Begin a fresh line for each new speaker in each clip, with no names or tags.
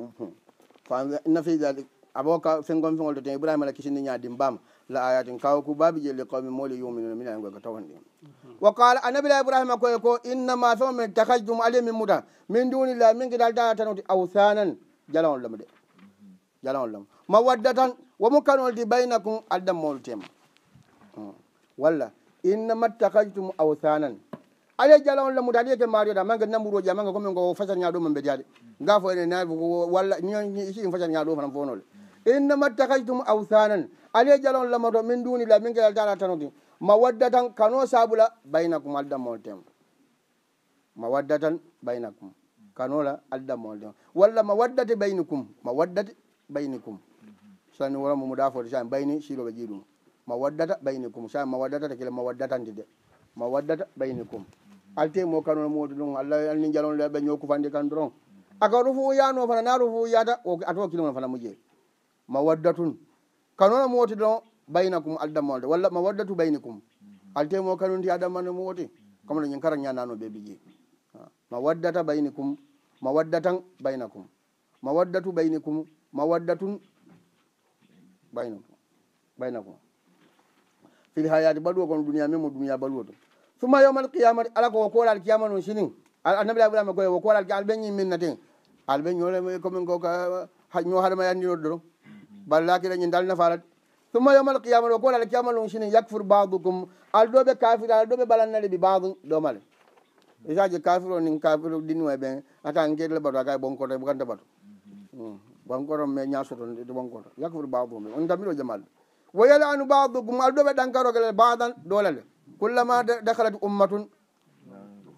Mhm. fam nafiidade aboka fengon fengol to ten ibrahima ala kisini ñadim bam la ayatin kawku babi je li qawmi moli yuminuna mina ngoy ko tawan ɗin mhm. wa qala anabila ibrahima koye ko innama fema min takaljum aliy min muta min duwnillah min gidal dala tanuti ausanan jalawol lam de mhm. jalawol lam ma wadda tan womukanol di baynakum addanmolu tema hmm. walla innama takaljtum ausanan ala jala on lamude aɗa yiyake mario da magge namboureoji amagge commin ko facatña ɗo mam ɓediade gafo enen walla si im facatña ɗo fanam fonole innama takajtum ausanan ala jala on lamato min duunila min gelal tala tanoti ma wadda tan kano sabula baynakum aldammol tem ma wadda tan baynakum kanola aldammol tem walla ma waddate baynikum ma waddate baynikum sani wora mumuɗa fo sa bayni siroɓe ƴiɗum ma waddata baynikum sa ma waddatata kila ma waddatandi de ma waddata baynikum mm -hmm. alte mo kanol muɗu ɗum allah anni jalonle ɓe ñokufande kan doron akaɗu fo yano fana naɗu fo yada ato kilimon fana mujeel ma wadda tun kanono moti ɗon baynakum aldamolde walla ma wadda tu baynikum altemo kanunti adamano moti comme ñin kara ñanano ɓeɓiƴe ma waddata baynikum ma wadda tan baynakum ma wadda tu baynikum ma wadda tun baynakum baynakum fil hayati baɗuwa kono duniya min mo duniya baɗuwa ɗum suma yowmal qiyama ala ko wokoore alkiyama nu sinin annabi abrahima goye wokoore alki ala ɓeñin min naten ala ɓe ñoolecommin ko ñoo haɗama yanndinoɗ doro ballakireñi dal nafarat suma yowmal qiyama o koore alkiyama nu sinin yakfur badukum ala ɗoɓe kafir ala ɗoɓe ɓalannare ɓi badu ɗomale isaji kafir o nin kafir ɗinnuma ɓen aka kerle batu aka ɓonkoto e kanta batu ɓonkoto hmm. me ñasoto ɓonkoto yakfur badukum on tamiɗo jamalɗo wo yalanu badukum ala ɗoɓe ɗankaro gelal badan ɗolale kullama dakalat ummatun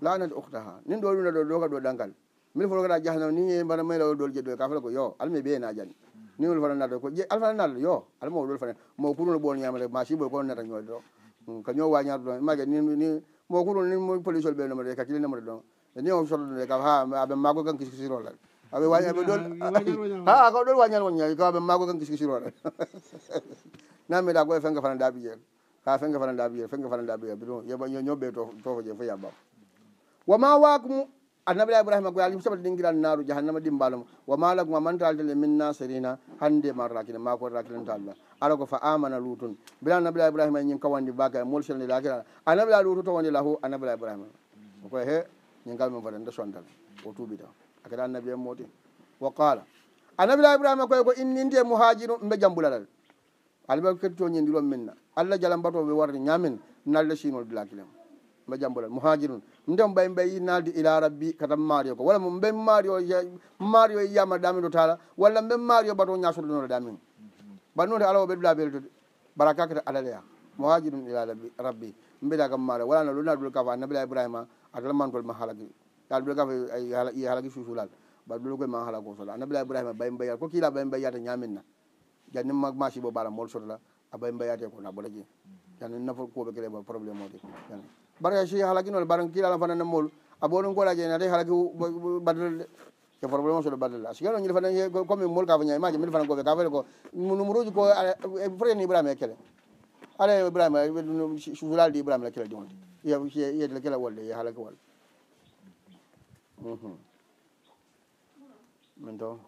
lanat ukhtaha nin ɗo ɗuna ɗo ɗoga ɗo ɗangal min fotogata jahna ni mbaɗa mayla ɗol jeɗɗo ka fala ko yo alma ɓe najan ni wol fana nado ko alfana nado yo alma o ɗol fana mo kuruno ɓon ñamata ma sibol kono nata ñoode ɗo mm, ko ñoo wañado ɗon imake ni ni mo kuruno ni policeol ɓe nomoɗe ka kilino moɗe ɗon ni o sotoɗo de ka ha aɓe mago kan kiskisirola aɓe waɓe ɗol ha ko ɗol wañal wonñawi ko aɓe mago kan kiskisirola namiɗa ko e fenga fana daɓi jeeɗo ka fenge fananda ɓiyer fenge fananda ɓiyer bi yoɓa ñoɓɓe tofo je fo yabbam woma wakumu annabila ibrahima goy alim sobata ɗinguiran naaru jahannama ɗimbalamo woma lagum a mantaltele min nasirina hande marrakine makorrakinentalla ara ko fa amana luton bila annabila ibrahima e ñin kawandi baka molsene e lakira annabila luto towonde lahu annabila ibrahima o koye he ñingal mum fada nde sontal o tuɓita akada annabi en mooti wo qala annabila ibrahima koye ko e inninde muhajirum mbe jambulalal alaɓeɓ kettito ñendiɗon minna allah jalam mbatoɓe warde ñamen nalde sinol dilakilem mba jambolal mohajirun nde mbay mbay i naldi ila rabbi katam mario ko walla mbe mario mario e yiyama ɗamin to taala walla mbe mario mbato ñasodenoɗa ɗamin mbannode ala o ɓeɗuɗa beltude baraka kata alaleya mohajirun ila rabbi rabbi mbeɗa kam mario walana ɗo nadule kafa nabila ibrahima atala mantol ma halagi yaɗule kafa ay halagi suusulal mbaɗɗule koye ma halago sola nabila ibrahima mbay mbayyata ko kiila mbay mbayyata ñaminna jani maci bo bara mol sotola abay mbayate ko nabolaji jani nafo kuɓe kele probléme ode jani bara si halaki noon bara kilala fana na mol aboni golaje nate halaki badalde e probléme soɗo badalde a sikano ñil fana comme mol kafa ñaye maji mbiɗa fana koɓe kafade ko numéro uji ko freni ibrahima e, e kele ala ibrahima suulalde ibrahima la kele jonde yeyeyeyde la kele wolde ye halaki wolde min mhm. to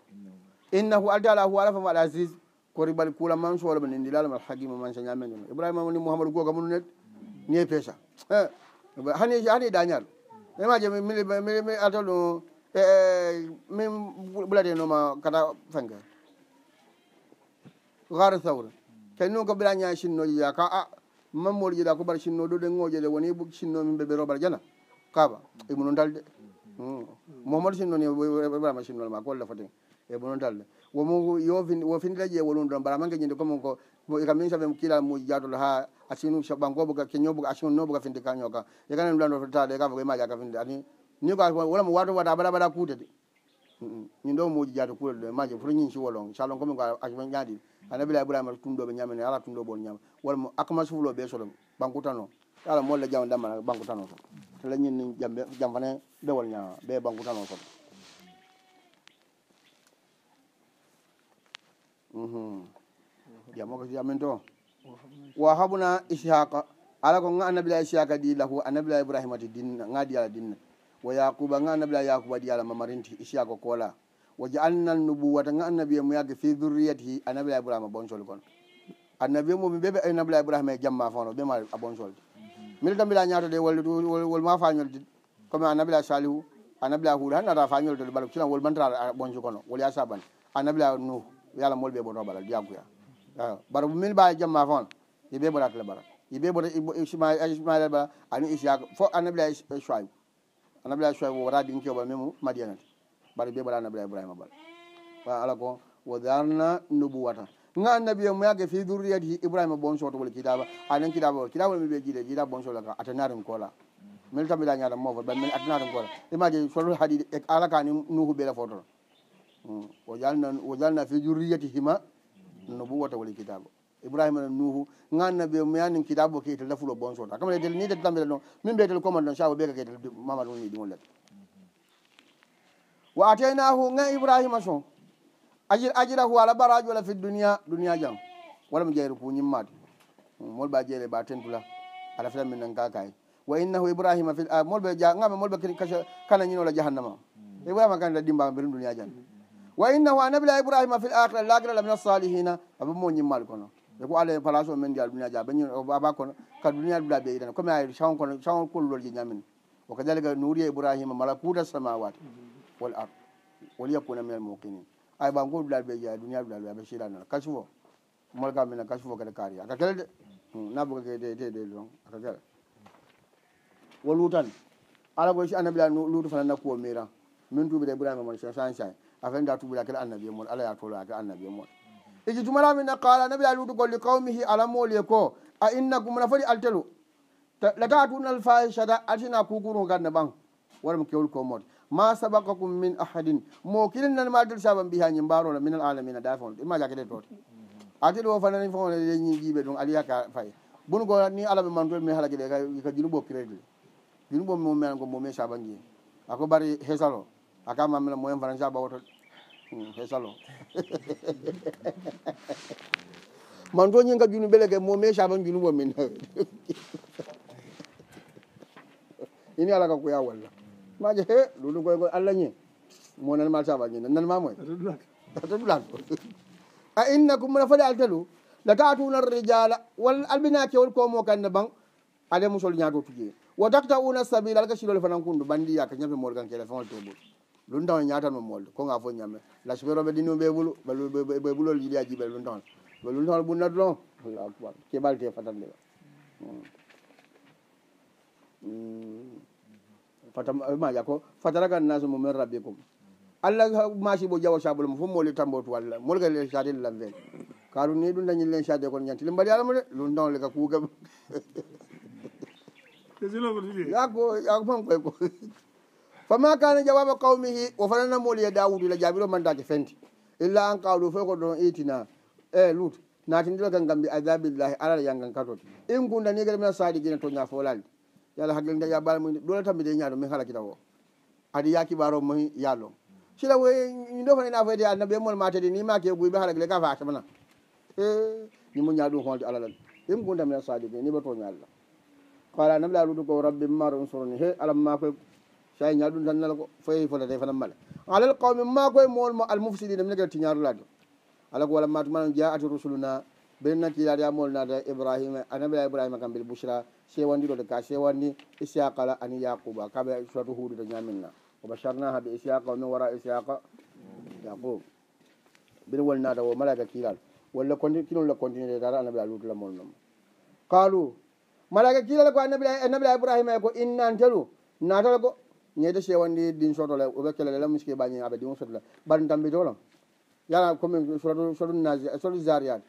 innahu aldi ala hu ala fama waɗa zise koribal kula man soola ɓe nendi lalamal hakima man sañamen ɗum ibrahima woni mouhamadou goga mum ned nie pesa hani hani e, e dañal emaje mi ata ɗum e, e min ɓulatenoma kata fanke hare sawre ken nu ko ɓiraña sinnoji ya ka a mammoɗo jeɗa ko ɓar sinno ɗo ɗengoje ɗe woni sinno min ɓeɓe roɓal jana kaba imunu dalde mouhamadou hmm. sinnoni ɓrama sinnol ma ko wallafaten e bono dal womo yo wo findiɗaƴe wonum ɗon mbaɗama geƴinde comme ko e ka min sabe kiila muji jadol ha asinu soɓɓangoboga keñoboga asinunoboga finde kaño ka e kanen ɗan taɗe ka fo koye maƴa ka finde ani ni ko wolamo wato waɗa ɓaɗa ɓaɗa kuutede min ɗo muji jaato kuutede ɗo maje foto ñin siwolon salon comme ko asma ñaaɗi anabila ibrahima tumɗoɓe ñamene ala tumɗoɓon ñama wolamo akama suflo ɓe soɗo banku tano ala molle jam dammaa banku tano soɗo tala ñin jambe jamfane ɓewol ñama ɓe banku tano soɗo jamoko uhuh. jamin to wa habuna ishaqa ala ko nga anabila ishaqa di lahu anabila ibrahima ti din nga di ala din wa yaquba nga anabila yaquba di ala mamarinti ishaqa kola wa ja'alna an-nubuwata nga anabiya mu yag fi dhurriyyati anabila ibrahima bonsol kon anabiya mu bebe anabila ibrahima e jamma fono be mal abonsol uhuh. mil tambila nyaato de wol wol ma fañol di comme anabila salihu anabila hu hanata fañol to bal ci wol mantara bonsu kono wol ya saban anabila nuhu yala molɓe ɓoto ɓala jaguya bara min mbawi jamma fon yiɓe ɓoɗatale bara yiɓe ɓoɗasmaila bala ani isiyaka fo annabila choib annabila choib wota dinkeo ɓala mimo madianate bara ɓe ɓoɗa annabila ibrahima bala wa ala ko wo darna nobuwata nga annabiya muyake fi durriyati ibrahima bon soto wol kidaba anen kidaba o kidaba mi ɓe jiɗe jiɗa bon sola ka atanarin koola min tambiɗa ñaata mofo ba min atanarin koola imaji sol haɗi e, alakani nuhu ɓela fotoro o mm. jalna o jalna fe jurriyati hima no ɓuwata woni kitabo ibrahima no nuhu ganna ɓe miyani kitabo keytel dafulo bon soda kam letel ni tetta mbele noon min mbiyetel commande noon chabo ɓeka keytel mamadou woni ɗi gol letta wa atenahu ga ibrahima son ajir ajirahu ala baraji wala fi duniya duniya jam walla mi jeyre ko ñimmade mm, molɓa jeyre ɓa tentula aɗa fetan min nan kakay wa innahu ibrahima fi ah, molɓe ja gama molɓe kkana ñinola jahannama mm. ibrahima kanda ɗimbama birin duniya jande wa inna wa nabila ibrahima fil akhira lagiralla min asalihina aɓe mo ñimmal kono e ko alah palace o men ndiya duniya ja ɓeñ aba kono ka duniya ɗula ɓe yitan comme ay shan kono shan kollol je ñamen o kadalika nuria ibrahima mala kuta samawat wal ar wol yakkuna minal mokinin ay ɓa ngo ɗula ɓe ja duniya ɗula ɓe aɓe sila nana kasifo molka mena kasifo kada kaari aka kele de hmm, naboga ketede don aka kele wo lutan ala ko si annabila lutu fana nakkuo miran min tuɓi de ibrahima mon sa sa sane afen da tuɓira kel annabie mon alah ya tolo ake annabie mon iji e tumarami na kala nabi alludu golli qawmihi alamoolie ko a inna gumna foti altelu lata tunal fahishata artina kuguru ganna ɓan waram kewl ko mote ma sabakakum min ahadin mo kirin nan maldel saban mbi ha ñi mbarona minal alamina da fon ima jakete toote artel o fanani fon e yeñi jiiɓe ɗum aliya ka fay bonugo ni alaɓe mantoe mi hala gueɗe ka junuɓo crédile junuɓo mo mian gombo me saban gi ako bari hesalo aka mamina moyen fanan saba wotoɗe hesalo mm, manto ñinga junu ɓelege mo me chaban junu womin ini ala ka kuya walla maje he lulu koy koy allah ñe mo nan mal chaban ñe nan ma moy ata dulat a innakum la fadi altalu la ta'tuna ar-rijala wal albina ke wol ko mo kande bang ale musol ñato tuje wa taqta'una as-sabila al-kashilu fanan kundu bandiya ka ñafe mo gan ke la fon to bo ɗum tawon ñatanmo molde ko ga foof ñamme lasi ɓeroɓe ɗini ɓe ɓulu ɓe ɓulol yiɗi a jiɓel ɗum tawon ɓe ɗum tawon ɓunnat ɗo allahu akbar keɓalte fatande ɓe mm. mm. fatama eh, ƴako fataraka nas mumen rabbi kum allah masibo jawa sabule mo fof moli tambotu walla molgale sade lam fen karu ni ɗum dañilen sade kon ñantile mbaɗi alamo de ɗum tawon le ka kuugam ako ako man koy ko fama kane jawaba kawmihi o fanana moolya dawudu la jaabiro mandake fendi illa an kawɗo fo ko ɗon itina e lut natindiro kan gam bi adabillahi alala yangan katol in gundanigere mina saadi gina toña folalde yalla hagle da yabbala mu dole tan mbiɗe ñaɗo min hala kita o adi ya kibaro mo yallon sila wo ñindo fanina foyde annabi e mon matede ni make guyɓe halagle ka fatamana e ñimo ñaa ɗum honde alala in gunda mina saadi gina niɓa toñallah qala nabila ruɗu ko rabbi mar unsurni he alam ma koye sa ñaar ɗum tan nala ko foye fotate fanan male alal qawmi e ma koye mowolmo almoufsidina minegere tiñaarulaado ala ko wala matumana ja ati rusuluna ɓen nakkilaade ya molnata ibrahima anabila ibrahima kam bel bouchra sewandiɗo de ka sewandi isiaqala ani yaquba kaɓe soto huude to ñaminna o basharna haɓe isiaqa o min wara isiaqa yaqub ɓen wolnata o malaika kiilal walla conti kinolla continuité tata anabila lutula molnoma kaalu malaika kiilal ko anabila anabila ibrahima e ko innantelu natala ko ñeyde sewandi ɗin sotole oɓe kelelela miski ɓañi aɓe ɗimo sotole ɓaɗn tambi tolo yana commun soɗu soɗu zariat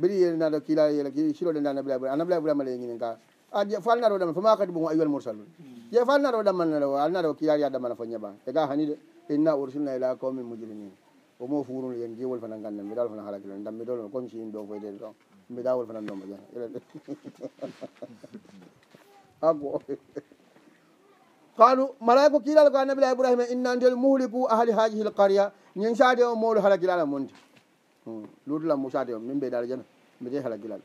biɗi yeli nado kila yele siloɗe nda nabila bula anabila bula male ñinin ka a fal nado ɗama fama kadi ɓogo ayuel moursalu je fal nado ɗama nao al nado kilaya ɗamana fo ñeɓa e ga hanide inna ursilna ila commun mujrinin omo furu yen jewol fana ganna mbiɗawol fana halakilo dammi dolo comme si in ɗo foyde to mbiɗawol fana ɗomo ƴa ɗe ago qalu malaya ko kiilal ko annabila ibrahima inna ndel muhliku ahali haajihi l qaria ñin saade o moolu hala gilala monde luudulam mo saade o min mbe daara jana mbite hala gilal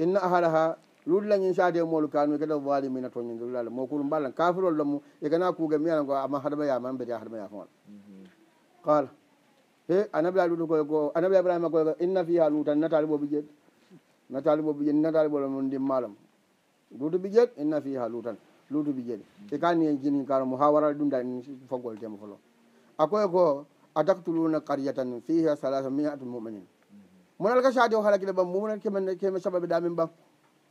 inna ahala ha luudula ñin saade o moolu kanu kede walimina toñi lulala mo kulu mballan kafirol lomu egana kuuge miyana ko ama hadamayama mbete hadamaya fowal qala e annabila luudu koy ko annabila ibrahima koy inna fiha luutan nataali boobi jeet nataali boobi jeet nataali boolo mo ndimmalam luudu bi jeet inna fiha luutan luuduɓe jeeɗi ɓe kalni e jini kala mo ha warade ɗum da foggol tema folo a koye ko adaktuluna qariyatan fiha salaha miati muminin monal mhm. ka saadi o hala kile ɓam mumna kemekeme saɓaɓe ɗamin ɓam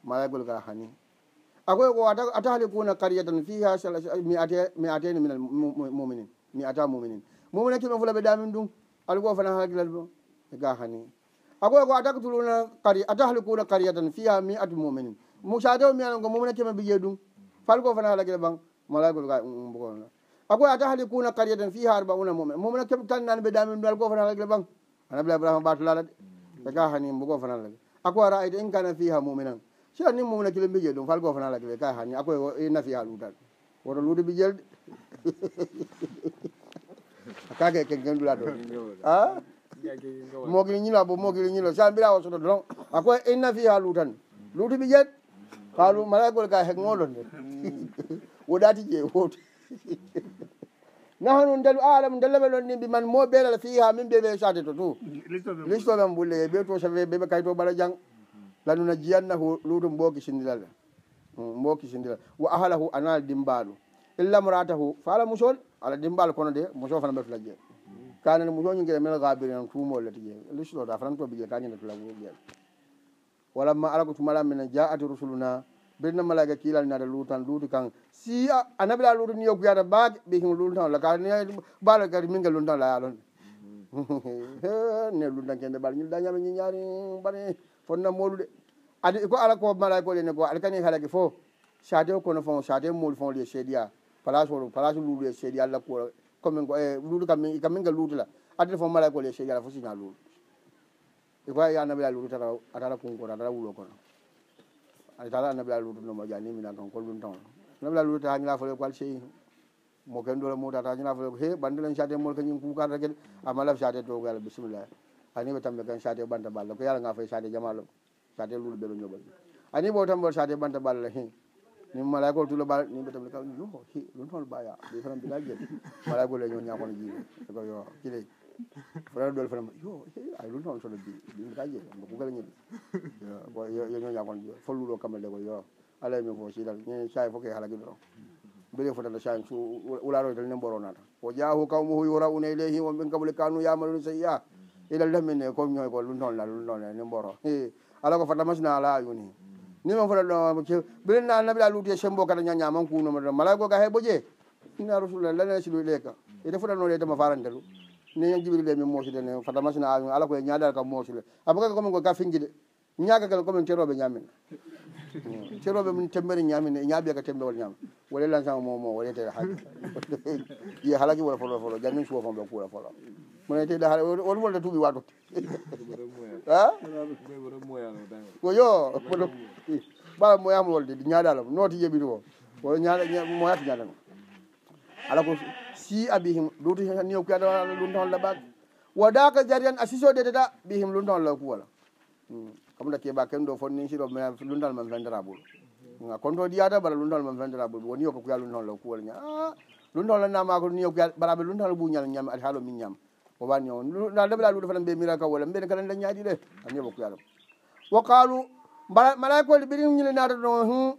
malaygol ga hani a koye ko a tahali kuna qariyatan fiha mi ate mi ateni minal muminin mi ata muminin mumna keme fula ɓe ɗamin ɗum aɗa ko fana hala kilal ɓam ga hani a koye ko adaktuluna qari a tahali kuna qariyatan fiha mi ati muminin mo saade o mi ana ko mumna keme ɓe ƴee ɗum falko fana hala gueɗe ɓan malaikol ka umbogonona um, akoy ata haali kuna karyeten fi haaruɓa una mumen momona keɓ tannani ɓe damin alko fana hala gueɗe ɓan anabila ibrahima ɓato laala de ɓe ka hani umbogo fana hala gueɗe ako ara ayde in kana fiha muminan sira ni mumina kilo mbijel ɗum falko fana hala gueɗe ka hani akoy e e nafi ha luutan woto luude mbijel de akake kenkenɗula ɗo a ah? mogili ñilo bo mogili ñilo sa mbira o soto don akoy inna e fiha luutan luutu mbijel kaalu malaagol ga hek ŋoolol nde mm. woɗaati je wooti nahanu ndalu alam ndallama lon nin mbiman mo ɓelal fiha min ɓeɓe sade to tout listo men ɓulle e ɓe to sae ɓeɓe kay to ɓala jang mm-hmm. lanuna jiyannahu luutu mboki sindilal mm, mboki sindilal wo ahalahu anaal dimbaalu illa mratahu faala musol ala dimbaal kono de muso fana ɓetula je mm-hmm. kanen muso ñingere men gabirin tumolle tije listoda fanan to bije kañinetulaɓel walamma ala ko tumala mena jaati rusuluna birna malaika kiilal nada luutan luuti kan si a nabila luutu ni yoguyata baake ɓe hin luutan la kaa baalo kadi min ge luutan laya lon ne luutan kende baalo ñil dañaɓe ñiñaari bane fonna moolude adi ko ala ko malaika ɗene ko aɗa kani halake fo chade kono fon chade mooli fon li e seedia place oo place luutu e seedi allah kuwo commin ko e eh, luutu kam min ka min ge luutu la addi e fo malaika li seedi ala fo siña luutu i fa ye annabi la lutu tara a tara kun kota a tara wulo kono ata tara annabi la lutu nomo jani mina kan kol dun tawo annabi la lutu ta hañila fole ko al seyi mo ken dole muta ta hañila fole ko he bande len chate mol kañin kukata kede amma laf chate to ko yalla bisimillah ani ɓe tambe kan chate banta balla ko yalla nga fay e chate jamalo chate lulu ɓeɗo ñoɓal ani ɓo tambo chate banta balla he ni malay ko tulo bal ni betam ka yo he lu non baya be fam bi la gel malay ko le ñoo ñakon ji ko yo kile fallulo kamma de ko yo alay e min fo sidal ñe cay fo ke halagui ɗo mbele fotata cay so wularo e tal ne mboro nata o jaahu kaw mo huy wora une leehi won ɓen kabule kanu yamalu ne sayya ilal damine comme ñoy ko lun tonla lun tonla ne mboro ala ko fata masna ala ayuni ni ma fotat ɗo ɓele na nabi la lutiye sembo kata ña ñaman kunoma malay ko ga he ɓoje ina rasulullah lane sidu leka e ete fotatno leedema farantelu nene jibril min moosude ne fata masina amin ala koye ñaadal kam moosule apo kake commin ko gaffinjide ñaagakel commin teroɓe ñamin teroɓe hmm. mn tembere ñamine ñaaɓe ka tembe wol ñam wole lansama momo wolete ha ye halaki wol folo folo jamin suwofon ɓe kuura folo monetede hawol wolde tuuɓi waatut ko yo ɓaa moyama wolde ñaaɗalam nooti yeɓitu o o ñaa moyata ñaaɗama ala ko si a ɓihim luto niw kuyadaa lunta hon laɓaka waɗaka jarian a sisode deɗa ɓihim lunta hon laku wala comme da keeɓa ken ɗo fo ni siɗo mais lundal mam vendra ɓolo a konto ɗiyata bara lundal mam vendra ɓol woni yoko kuya lunta hon la ku wala ña lunta hon lanna mako niw kuya baraɓe lunta hon la ɓuñal ñam ati haalo min ñam o wanni o na leɓla luɗo fana ɓe mira ka wala mbeni kadan dañaɗi ɗe aniyoko kuyaɗam wo kalu mbaa malaikoli ɓiɗi ñile naata ɗo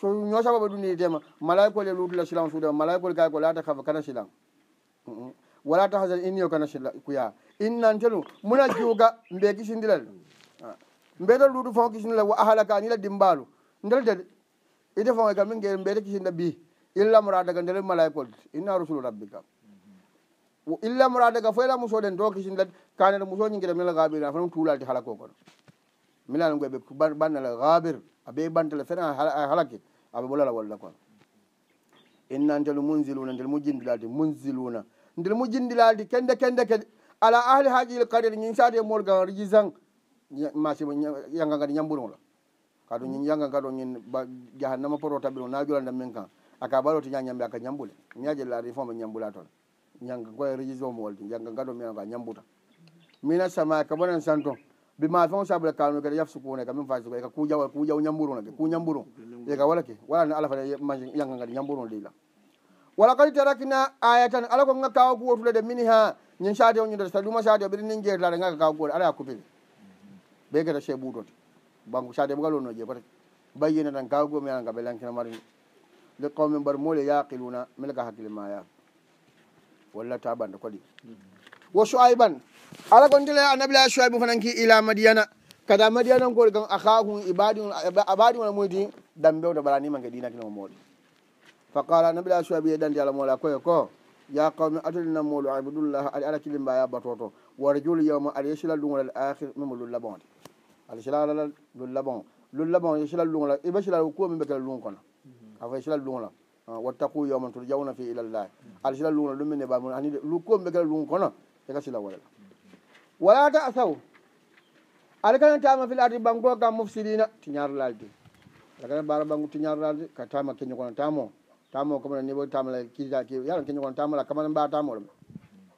so ñoosababa ɗumnii dema malaikole lutula silan suudema malaikole gay ko laata kafa kana silan wala ta hasan inniyo kana silla kuya innantenu muna juuga mbe kisindilal ah. mbeta luutu fon kisindila wa ahalaka nila dimbaalu ndel dede ite fon e kam minge mbeta kisinda bi illa moradaga ndele malaikole inna rasulu rabbika illa moradaga fo ela musoden to kisindilad kanene muso ñingira mila gaɓirna fanam tuulalti hala ko kono milano goɓe bannala gabir abe bantala fena halake aɓe ɓolala walla quoi inna ndel munziluna ndel mujindilade munziluna ndel mujindilade kende kende kede ala ahli haajil karel e ñin sade e molga rijisan masimo yanga ngadi ñamburongola kadu ñin yanga ngado ñin jahannama poro taɓiro na jolanda min kan aka ɓaɗo ti ñañambe aka ñambule miñajellade i fofma ñambula toon ñanga koye rijisomo walde janga ngado mino ka ñambuta mina sama ka bonen santon bi ma fen sabule kam kadi yaf suku ne kam min fasi e ka kujawa kujaw ñamburu ne ku ñamburu e ka wala ke wala ne alafa mai yanga ngadi ñamburu ne leyla wala kadi tarakina aya tan ala ko ngakawa guwotule de mini ha ñin sati o ñude sa duma sati o ɓiɗi nin jeetlade ngaka kawa guwote ala ya kupile ɓe keta che ɓutote banque sati mo galono je pata bayyina tan kawa guwo mialanga ɓe lankina mari le qawmi mbar mole yaqiluna mele ka hakkille ma yaa walla tabande kodi wo soaybande ala gontele annabila shoibe fananki ila madiana kada madianankoɗe kan ahahu ibaɗi ona muyti dambewde ɓaranimage ɗinakinoo moɗi fa qala annabila shoibe yeɗanti allah moɗa koye ko ya qawmi atolina molu abidullah aɗi ala killi mbaya batoto wa rajulu yawma aɗa yesila lugol al ahir mimo lullabonde aɗa silalala lullabon lullabon yesila lugola ibasila kuwami bekela lug kono afa yesila lugola ah, wattaku yawman toto jawna fi ilallahi aɗa sila lugola ɗumminebamu anide lu kuwami bekela lug kono yaka e sila walala wala ta asaw alkana tama fil ardi bango ga mufsidina tinyaru lalde alkana bar bango tinyaru lalde ka tama kenyo kono tamo tamo ko ne bo tamo la kida ki yaran kenyo kono tamo la kamana ba tamo la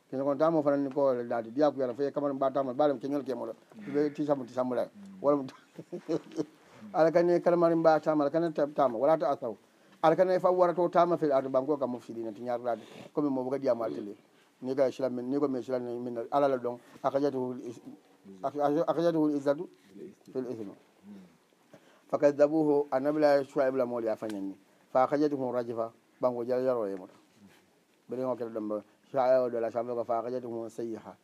kenyo kono tamo fanan ko la dadi dia ku yara fe kamana ba tamo balam kenyo ke mo la be ti samu ti samu la wala alkana kalmar ba tamo alkana tamo wala ta asaw alkana fa warato tama fil ardi bango ga mufsidina tinyaru laldi ko mo bo ga diamal tele ni ga silami ni ko mi silani min alala ɗon
akajatuhul
izatu fil ismu fa kadabuhu annabila shuaib la moolia fañanni fa akajatuhum rajifa bango jaljaro yemuta ɓeɗio keɗa ɗon shaio de la chambre ko fa akajatuhum sayiha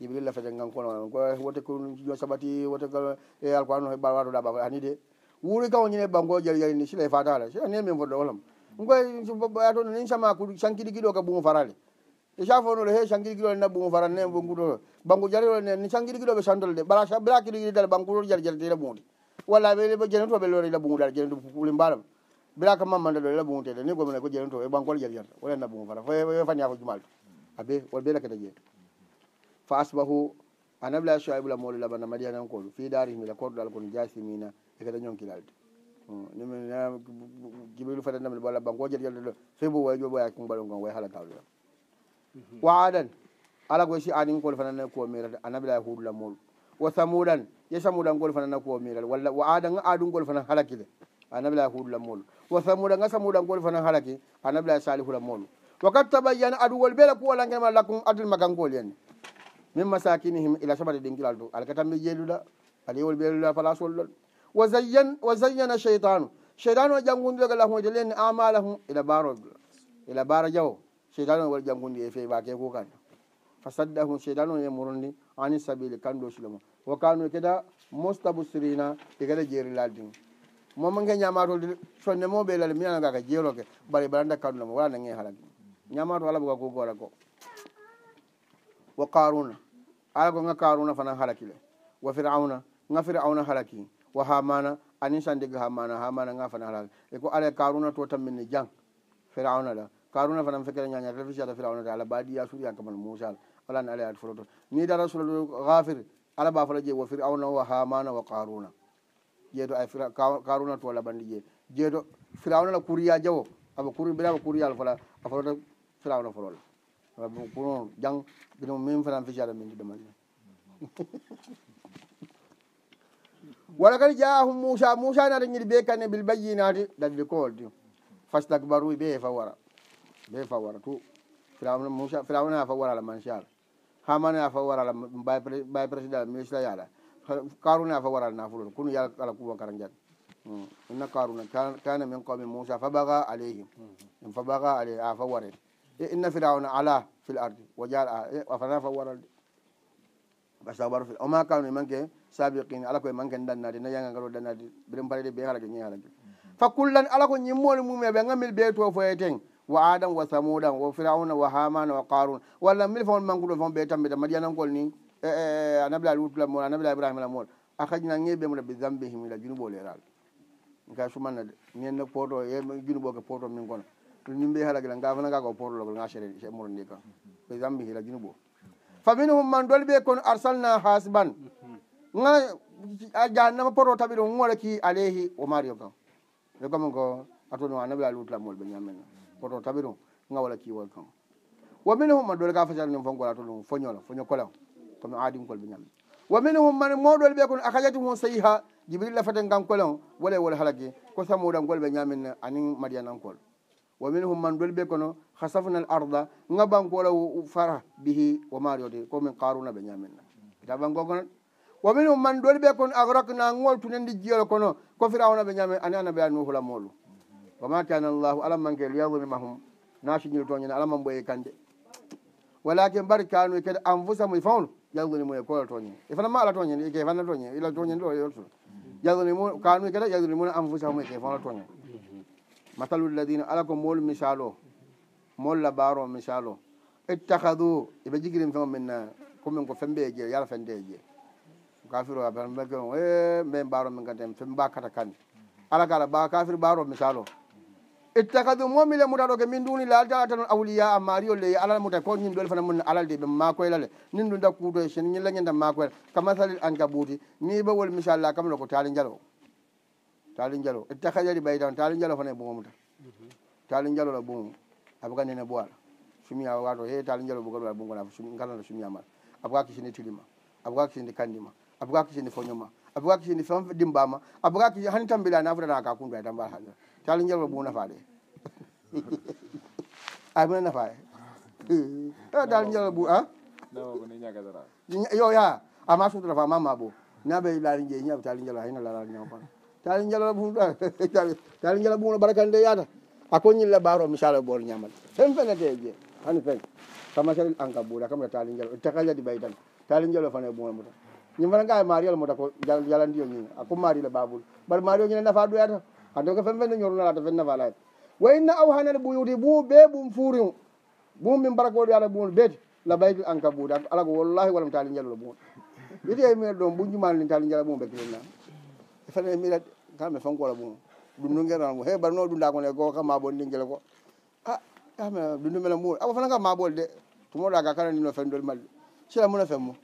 jibrilla fete gankono ko wote kojo sabati wotekal e eh, alkoano he ɓalwato ɗaba ani de wuuri kaw ñine bango jaljalini sila e fatala sila ni min fodɗo olam ngoy ato ni sama ku sankiɗi kiɗo ka ɓumu farale déjà fonoɗo he sangirguiɗo ne naɓɓumo farane mo ngudoɗo banggu jarioɗo ne sangirguiɗoɓe sandole de bala bala kiɗoguiɗi dal banggudoɗo jar jarde laɓumude walla ɓe jenotoɓe lore laɓumudeaɗa jenoɗo pule mbaɗam bela ka mammanda ɗo laɓumutede ni gomene ko jenoto e banggu oɗo jar jarta wona e naɓɓumo fara foe fania fo jumalto abe wol ɓe lakata jeeyi fa asbahu anabilahi soibla mawɗo laɓana madianan koɗo fi darihmi la korɗoɗal kono jasimina e kada ñonkilalde mm, jibril fadanamle bo laɓɓan ko jar jarde ɗo fe bo wawi joɓoyaki kumbaɗon kan way haala tawɗo ɗam Mm-hmm. wa adan ala ko si adin kol fanana ko miral anabi la hudu la mol wa samudan ya samudan kol fanana ko miral walla wa adan adun kol fanana halakile anabi la hudu la mol wa samudan ga samudan kol fanana halake anabi la salihu la mol wa kat tabayyana adu wal bela ko la ngema la kum adul magan kol yen min masakinihim ila shabati din kilaldo al katam yeluda ali wal bela fala sollol wa zayyan wa zayyana shaytanu shaytanu e jangundu ga la hu de len amalahum ila barod ila bara jawo sheidan on waɗi jangudi e fewake ko kan fasaddahum sheidan on e morondi ani sabili kan do silama wo kanu e keda mostabu sirina e kada jeeri laldi moma ge ñamatode sonne moɓe lal minanagaka jeeroke bari baranda kandulama wala nange halag ñamato ala boga kogora ko wo karuna ala ko ga karuna fana halakile wo firauna ga firauna halaki wo hamana ani sandigue hamana hamana ga fana halaki e ko ala e karuna to tammini jang firauna la karuna fanan fekere ñaña refici ata firawna ta alaba ɗiya suuɗi ankamal moussal ala ne alayaati folo ton ni da rasula ɗo hafir alaba fala je wo firawna wa hamana wa karuna jeeto ay karuna to labandi je jeeto firawna la kuriya jawo aɓa kuri mbiɗa ɓa kuriyal fala a folota firawna folola kunoon jang gino min fanan fici ata min ɗiɗamalne wala kadi jaahu moussa moussa naata ñiɗi ɓe kane bilbayyi naati daɗɗi kool di fastakbaruy ɓe fa wara be fawara tu firawna musa firawna fawara la manshar hamana fawara la bay president ministre yala karuna fawara na fulun kun yala ala kuwa karanjan inna karuna kana min qawmi musa fabaga alayhi in fabaga alayhi fawara inna firawna ala fil ardi wajala afana fawara basabaru fil o ma kanu manke sabiqin ala ko manke dannade na yanga garo dannade birin de be halage nyala halage fakullan ala ko nyimmo mum be ngamil be to fo eten wa adam wa samudan wa firauna wa hamana wa karun walla mbila fon manguɗo fon ɓe tambe ta madianankol ni e, e, anabilali wutulamol anabilali ibrahima lamol a xajina ge ɓe mona ɓe zambehimila junubo leral ka sumanna de ñenne poto e junubo ke poto min kono to ñimɓe halagila ngafanagaga o potologol ga sere se moro ndi kan ɓe zambehila junubo faminhum man dol ɓe kon arsalna hasban ga a jannama poto taɓi ɗo ngoraki aleyhi o mario kan e comme ko atono anabilali wutulamol ɓe ñammenna koto taɓi ɗum ga walla kiwol kan wamini hum man ɗole ga facara ɗum fongola to ɗum foñola foño kola komi aadim kol ɓe ñami wamini hum man moɗol ɓe kon akajati hum sayiha jibrilla fate gan kola wala e wol halake ko samoɗan gol ɓe ñamin anin madianankol wamin hum man dol ɓe kono hasafna al arda gabankola fara bihi wo mariode komin karuna ɓe ñaminna itabangogonan wamin hum man dol ɓe kono arakna goltunendi jiyol kono ko firawna ɓe ñamin ani anabe a nuhulamolu wama kana llahu alam manke liyadlimahum nasiñir toñene alaman ɓoye kande walakin mbar kanu kede enfusamu fawl yadlimu e kola toñene e fana ma ala toñene ike fana toñene ila toñene ɗo yoltu yadlimu kanu kede yadlimuna enfusahum ike fawla toñene masalu lladina ala ko molu misal o molu labaro misal o ittahadu eɓe jigirin fego min komin ko fembe je yala fende je kafir oa ɓe mbaro min kantem fembe mba kata kane ala kala ba kafir mbaro misal o ittakadu momile mutaɗoke min nduni laaltala tano awliya a mario ley alal muta ko ñin ɗole fana mun alalde ɗum makoylale nin ndu da kuuto sen ñillañenda makoyla kamasalil anka ɓuuti ni ɓe wol michallah kam loko taali njalo taali njalo ittakadali ɓay tan taali njalo fana e ɓumo muta taali njalo la ɓumo abga nene ɓowala sumiya wato he taali njalo ɓugaɗoa ɓugona ngalana sumiya mala abga kisini tilima abga kisini kandima abga kisini foñoma abga kisini fen dimbama abga kisi hani tambilana futana ka kundu ay tambal hadira calen jalgol bum faade ay faade nafaye dal jalgol bu
dara
yo ya ama ah, sutara fa mama bo naɓe laari jeyi ñaɓe tali jalol hayna lalaal ñaw pan tali jalol bum tali jalol bum no barakande yaata a koñilla baaro misala ɓoor ñamal fen de je hani fen kamasal an ka buuda kamata tali jalol takajadi ɓay tan tali jalol fana e bumol muta ñim fana nga e maari al muta ko jalandiyo jalan a ko maari la babul bar maari o ñina nafa ɗoyata hade ko fen fen de ñornalade fen nafalade wa inna awhanade ɓuyudi bu ɓe ɓum fuuri mo ɓum min mbara koɗo yaata ɓuuno beeti la baytul an ka ɓuude ala ko wallahi walam taali jalalo ɓuuno yiti e mire ɗon ɓuñjumani taali jala ɓuuno ɓekkilenna fene mira kame fankola ɓuuno ɗum no gueran mo he barno ɗum dakone ko ka maɓon ɗinguele ko a ame ɗundumele muuɗo ako fana ka maɓol de tomoɗaga kala ndino fendol malɗi sila muna fen mo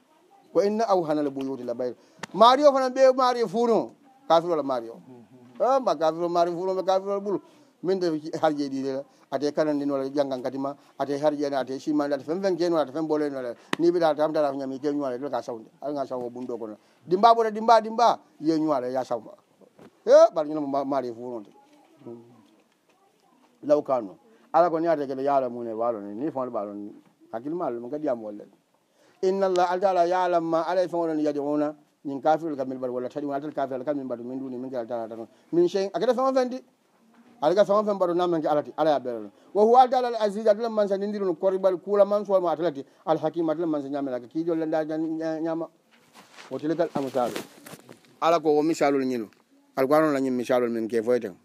wa inna awhanale ɓuyudi la baytul mari o fana ɓe mari fuuri mo kafirola mari o Ah, ma gafiro mari fuurome gafiro ɓolo min de harje ɗi ɗea ate kananɗi nole janggan kadi ma ate harje ne ate simani ate fen fen kenoa ate fen ɓole nole ni ɓiɗa tam dara ko ñami ke ñoale ɗo ka sawde aɗa sawo o ɓum ɗo kono ɗimba ɓoɗe ɗimba ɗimba ye ñoale ya sawma e ɓaɗa ñanamo mari fuuronde law ka noon ala ko ni ate kede yaala mune waalo ni ni fonɗo ɓaɗon hakkille ma lo ɗum kadi yam wolle inna llah alta ala yaalam ma alay fen oɗon yadi ona min kafirl kam min mbaɗ walla taɗi alatal kafir ala kam min mbaɗu min duni min gala dalaa tanon min cheng a keta fewon fendi aɗaga fewon fen mbaɗo namenke alati ala ya ɓeeɗo wo huwa dal al asis atala mansa nindiru no korbal kuula man soomo atalati alhakim atala mansa ñamelaka kiijol lenda ñama o tilikal amisalo ala ko wo misalol ñino alkoanon la ñin misalol min ke foyten